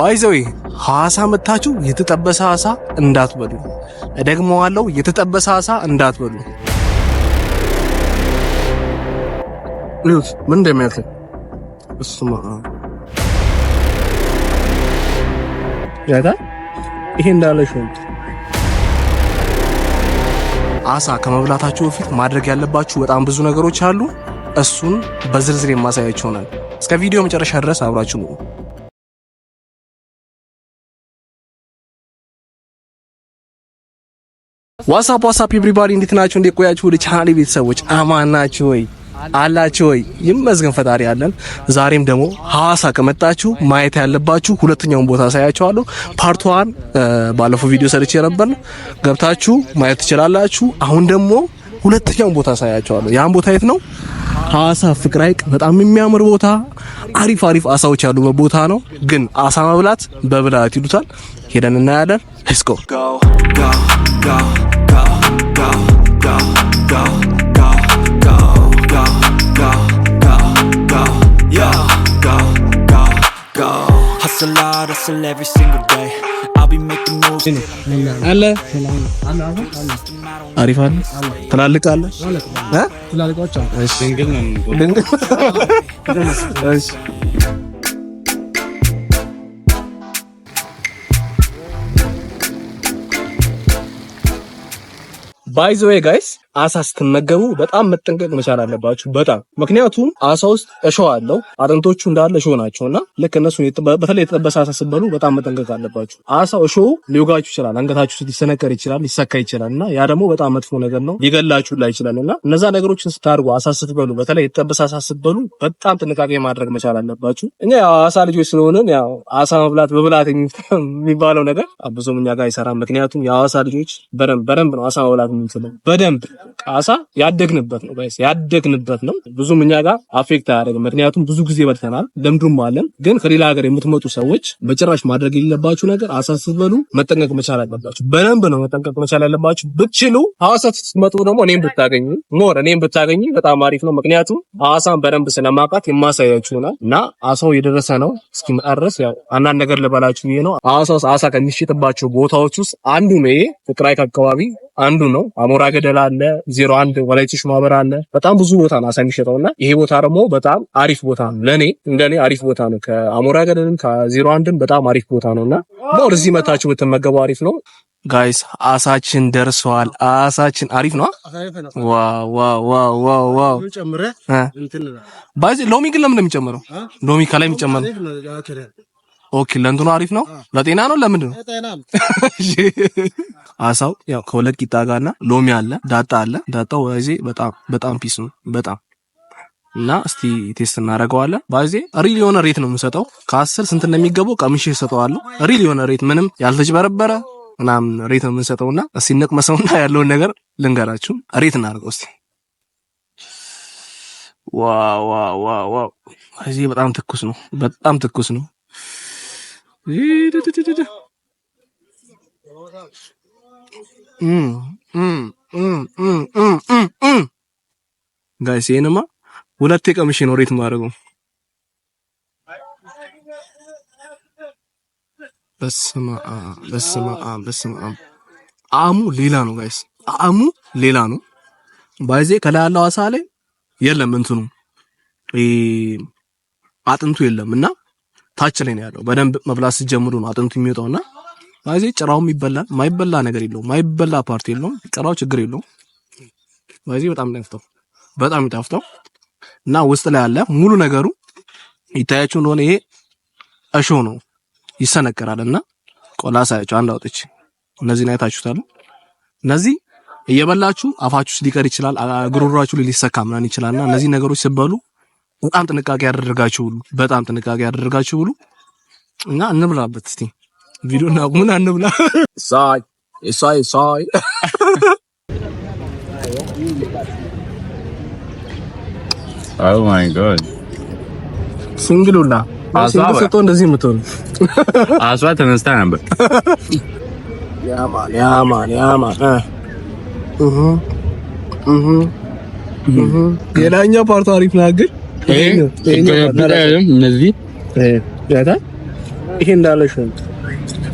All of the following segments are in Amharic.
ባይዘዌ ሐዋሳ መታችሁ የተጠበሰ አሳ እንዳትበሉ። እደግመዋለሁ፣ የተጠበሰ አሳ እንዳትበሉ። ሉት ምን እንደሚያክል እሱማ ያታ ይሄ እንዳለ አሳ ከመብላታችሁ በፊት ማድረግ ያለባችሁ በጣም ብዙ ነገሮች አሉ። እሱን በዝርዝር የማሳያችሁ ይሆናል። እስከ ቪዲዮ መጨረሻ ድረስ አብራችሁ ዋትሳፕ ዋትሳፕ ኤቭሪባዲ እንዴት ናችሁ? እንዴት ቆያችሁ? ወደ ቻናሌ ቤተሰቦች አማን ናችሁ ወይ አላችሁ ወይ? ይመስገን ፈጣሪ አለን። ዛሬም ደግሞ ሐዋሳ ከመጣችሁ ማየት ያለባችሁ ሁለተኛውን ቦታ አሳያችኋለሁ። ፓርት 1 ባለፈው ቪዲዮ ሰርቼ ነበር፣ ገብታችሁ ማየት ትችላላችሁ። አሁን ደግሞ ሁለተኛውን ቦታ አሳያችኋለሁ። ያን ቦታ የት ነው? ሐዋሳ ፍቅር ሐይቅ በጣም የሚያምር ቦታ፣ አሪፍ አሪፍ አሳዎች ያሉበት ቦታ ነው። ግን አሳ መብላት በብላት ይሉታል። ሄደን እናያለን። ሌትስ ጎ go, go, go, go, go, go, go, go, go, go, go, yo, go, go, go. Hustle hard, hustle every single day. አለ አሪፍ አለ ትላልቅ አለ ትላልቆች አለ ድንግል ነው። By the way, guys, አሳ ስትመገቡ በጣም መጠንቀቅ መቻል አለባችሁ። በጣም ምክንያቱም አሳ ውስጥ እሾህ አለው። አጥንቶቹ እንዳለ እሾህ ናቸው እና ልክ እነሱ በተለይ የተጠበሰ አሳ ስትበሉ በጣም መጠንቀቅ አለባችሁ። አሳው እሾህ ሊወጋችሁ ይችላል፣ አንገታችሁ ሊሰነከር ይችላል፣ ሊሰካ ይችላል እና ያ ደግሞ በጣም መጥፎ ነገር ነው። ሊገላችሁ ላይ ይችላል እና እነዛ ነገሮችን ስታድርጉ አሳ ስትበሉ፣ በተለይ የተጠበሰ አሳ ስትበሉ በጣም ጥንቃቄ ማድረግ መቻል አለባችሁ። እኛ አሳ ልጆች ስለሆንን ያው አሳ መብላት በብላት የሚባለው ነገር ብዙም እኛ ጋር አይሰራም። ምክንያቱም የአዋሳ ልጆች በደንብ በደንብ ነው አሳ መብላት የምንችለው በደንብ ቃሳ ያደግንበት ነው ጋይስ፣ ያደግንበት ነው። ብዙም እኛ ጋር አፌክት አያደርግም፣ ምክንያቱም ብዙ ጊዜ በልተናል፣ ልምዱም አለን። ግን ከሌላ ሀገር የምትመጡ ሰዎች በጭራሽ ማድረግ የሌለባችሁ ነገር አሳ ስትበሉ መጠንቀቅ መቻል አለባችሁ። በደንብ ነው መጠንቀቅ መቻል ያለባችሁ። ብችሉ ሐዋሳ ስትመጡ ደግሞ እኔም ብታገኙ ሞር እኔም ብታገኙ በጣም አሪፍ ነው፣ ምክንያቱም ሐዋሳን በደንብ ስለማውቃት የማሳያችሁ ይሆናል። እና አሳው የደረሰ ነው እስኪመጣ ድረስ ያው አንዳንድ ነገር ልበላችሁ ይሄ ነው። ሐዋሳ ውስጥ አሳ ከሚሸጥባቸው ቦታዎች ውስጥ አንዱ ነው። ይሄ ፍቅር ሐይቅ አካባቢ አንዱ ነው። አሞራ ገደል አለ ዜሮ አንድ ወላይቶች ማህበር አለ። በጣም ብዙ ቦታ ነው አሳ የሚሸጠው እና ይሄ ቦታ ደግሞ በጣም አሪፍ ቦታ ነው። ለእኔ እንደኔ አሪፍ ቦታ ነው። ከአሞራ ገደልም ከዜሮ አንድም በጣም አሪፍ ቦታ ነው እና ሞር እዚህ መታችሁ ብትመገቡ አሪፍ ነው። ጋይስ አሳችን ደርሰዋል። አሳችን አሪፍ ነው። ዋዋዋዋዋዋው ሎሚ ግን ለምን ነው የሚጨምረው? ሎሚ ከላይ የሚጨምረው ኦኬ ለእንትኑ አሪፍ ነው። ለጤና ነው። ለምንድን ነው አሳው? ያው ከሁለት ቂጣ ጋርና ሎሚ አለ፣ ዳጣ አለ። ዳጣው ባይዜ በጣም በጣም ፒስ ነው በጣም እና እስቲ ቴስት እናደርገዋለን። ባይዜ ሪል የሆነ ሬት ነው የምሰጠው። ከአስር ስንት እንደሚገባው ቀምሼ እሰጠዋለሁ። ሪል የሆነ ሬት ምንም ያልተጭበረበረ ምናምን ሬት ነው የምንሰጠውና እስቲ እንቅመሰውና ያለውን ነገር ልንገራችሁ። ሬት እናደርገው እስቲ። ዋ ዋ ዋ! ባይዜ በጣም ትኩስ ነው፣ በጣም ትኩስ ነው። ጋይስ ይሄንማ ሁለቴ ቀምሼ ነው ሬት የማደርገው። በስመ አብ በስመ አብ በስመ አብ። ጣዕሙ ሌላ ነው ጋይስ፣ ጣዕሙ ሌላ ነው። ባይዜ ከላይ ያለው አሳ ላይ የለም እንትኑ አጥንቱ የለም እና ታች ላይ ነው ያለው። በደንብ መብላት ሲጀምሩ ነው አጥንቱ የሚወጣውና አይዚ ጭራውም ይበላል። ማይበላ ነገር የለውም። ማይበላ ፓርቲ የለውም። ጭራው ችግር የለውም። አይዚ በጣም ይጣፍጠው፣ በጣም ይጣፍጠው እና ውስጥ ላይ አለ ሙሉ ነገሩ ይታያችሁ እንደሆነ ይሄ እሾ ነው ይሰነከራልና ቆላ ሳያችሁ አንድ አውጥቼ እነዚህን አይታችሁታል። እነዚህ እየበላችሁ አፋችሁ ሊቀር ይችላል፣ ግሩራችሁ ሊሰካ ምናምን ይችላልና እነዚህ ነገሮች ስበሉ በጣም ጥንቃቄ ያደረጋችሁ ሁሉ በጣም ጥንቃቄ ያደረጋችሁ ሁሉ እና እንብላበት እስቲ ቪዲዮ እና ቁምና እንብላ። ሳይ ሳይ ሳይ ኦ ማይ ጋድ ሲንግሉላ ሲንግስቶ እንደዚህ የምትሆን አሷ ተነስታ ነበር። ያማን ያማን ያማን እህ እህ እህ የላኛው ፓርቱ አሪፍ ነው ናግር ይሄ እንዳለሽ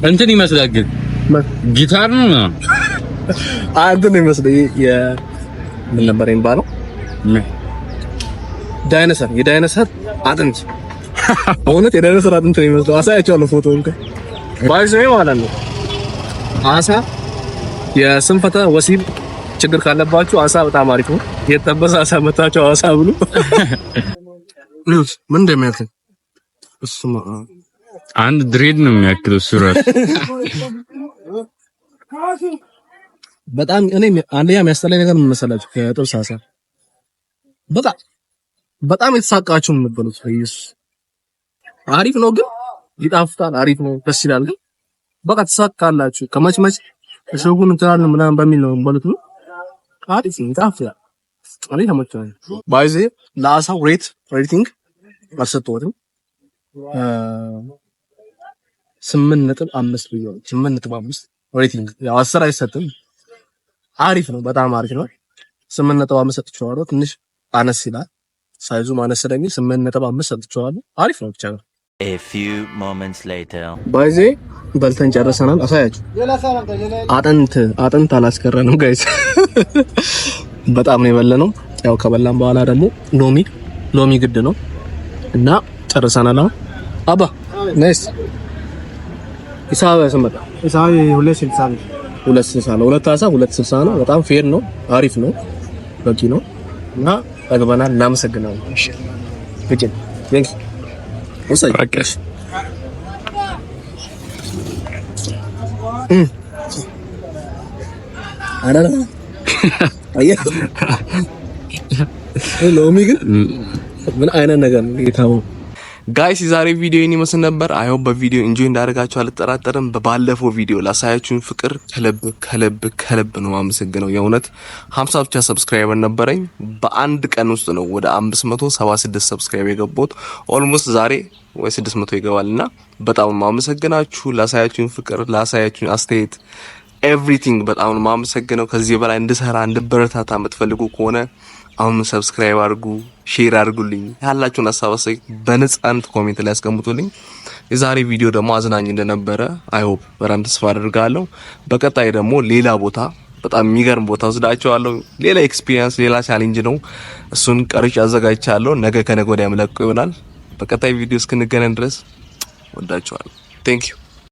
እንትን ይመስላል፣ ግን ጊታር ነው ነበር የሚባለው? ዳይነሰር፣ የዳይነሰር አጥንት በእውነት የዳይነሰር አጥንት ነው አሳያቸዋለሁ ፎቶ ማለት ነው። አሳ የስንፈተ ወሲብ ችግር ካለባችሁ አሳ በጣም አሪፍ ነው። የተጠበሰ አሳ አሳ ብሉ። ምን እንደሚያክል እሱ አንድ ድሬድ ነው የሚያክለው እሱ ራሱ በጣም እኔ አንደኛ የሚያስጠላኝ ነገር ምን መሰላችሁ? ከጥብስ አሳ በጣም በጣም የተሳቃችሁ የምትበሉት በኢየሱስ አሪፍ ነው ግን ይጣፍጣል። አሪፍ ነው ደስ ይላል። ግን በቃ ተሳካላችሁ። ከመች መች እሸጉን እንትን አለ ምናምን በሚል ነው የምትበሉት። አሪፍ ነው ይጣፍጣል። እኔ ተመችቶኛል። ባይዜ ለአሳው ሬት ሬቲንግ አልሰጠሁትም። ስምንት ነጥብ አምስት ብዬ ነው። ስምንት ነጥብ አምስት ሬቲንግ ያው አስር አይሰጥም። አሪፍ ነው፣ በጣም አሪፍ ነው። ስምንት ነጥብ አምስት ሰጥቼዋለሁ። ትንሽ አነስ ይላል ሳይዙ ማነስ ስለሚል ስምንት ነጥብ አምስት ሰጥቼዋለሁ። አሪፍ ነው ብቻ ነው። A few moments later ባይዜ በልተን ጨርሰናል። አሳያችሁ አጥንት አጥንት አላስቀረንም ጋይስ በጣም ነው የበለነው። ያው ከበላን በኋላ ደግሞ ሎሚ ሎሚ ግድ ነው እና ጨርሰናል። አባ ነስ ሂሳብ ያስመጣ ሂሳብ ሁለት ስልሳ ነው ሁለት ስልሳ ነው ሁለት ሀሳብ ሁለት ስልሳ ነው። በጣም ፌር ነው፣ አሪፍ ነው፣ በቂ ነው እና አግባናል። እናመሰግናለን። እሺ ግጭን ቴንክ ወሰይ አቀሽ አናና ሎሚ ግን ምን አይነት ነገር ነው የታወው? ጋይስ የዛሬ ቪዲዮ ይህን ይመስል ነበር። አይ ሆፕ በቪዲዮ ኢንጆይ እንዳደረጋችሁ አልጠራጠርም። በባለፈው ቪዲዮ ላሳያችሁን ፍቅር ከልብ ከልብ ከልብ ነው የማመሰግነው። የእውነት 50 ብቻ ሰብስክራይበር ነበረኝ። በአንድ ቀን ውስጥ ነው ወደ 576 ሰብስክራይበር የገባሁት። ኦልሞስት ዛሬ ወይ 600 ይገባልና በጣም የማመሰግናችሁ ላሳያችሁን ፍቅር ላሳያችሁን አስተያየት ኤቭሪቲንግ በጣም ነው ማመሰግነው። ከዚህ በላይ እንድሰራ እንድበረታታ የምትፈልጉ ከሆነ አሁን ሰብስክራይብ አድርጉ፣ ሼር አድርጉልኝ። ያላችሁን ሀሳብ በነጻነት ኮሜንት ላይ ያስቀምጡልኝ። የዛሬ ቪዲዮ ደግሞ አዝናኝ እንደነበረ አይሆፕ በጣም ተስፋ አድርጋለሁ። በቀጣይ ደግሞ ሌላ ቦታ በጣም የሚገርም ቦታ ወስዳቸዋለሁ። ሌላ ኤክስፒሪየንስ፣ ሌላ ቻሌንጅ ነው። እሱን ቀርጭ አዘጋጅቻለሁ። ነገ ከነገ ወዲያ ምለቀው ይሆናል። በቀጣይ ቪዲዮ እስክንገናኝ ድረስ ወዳቸዋለሁ። ቴንክ ዩ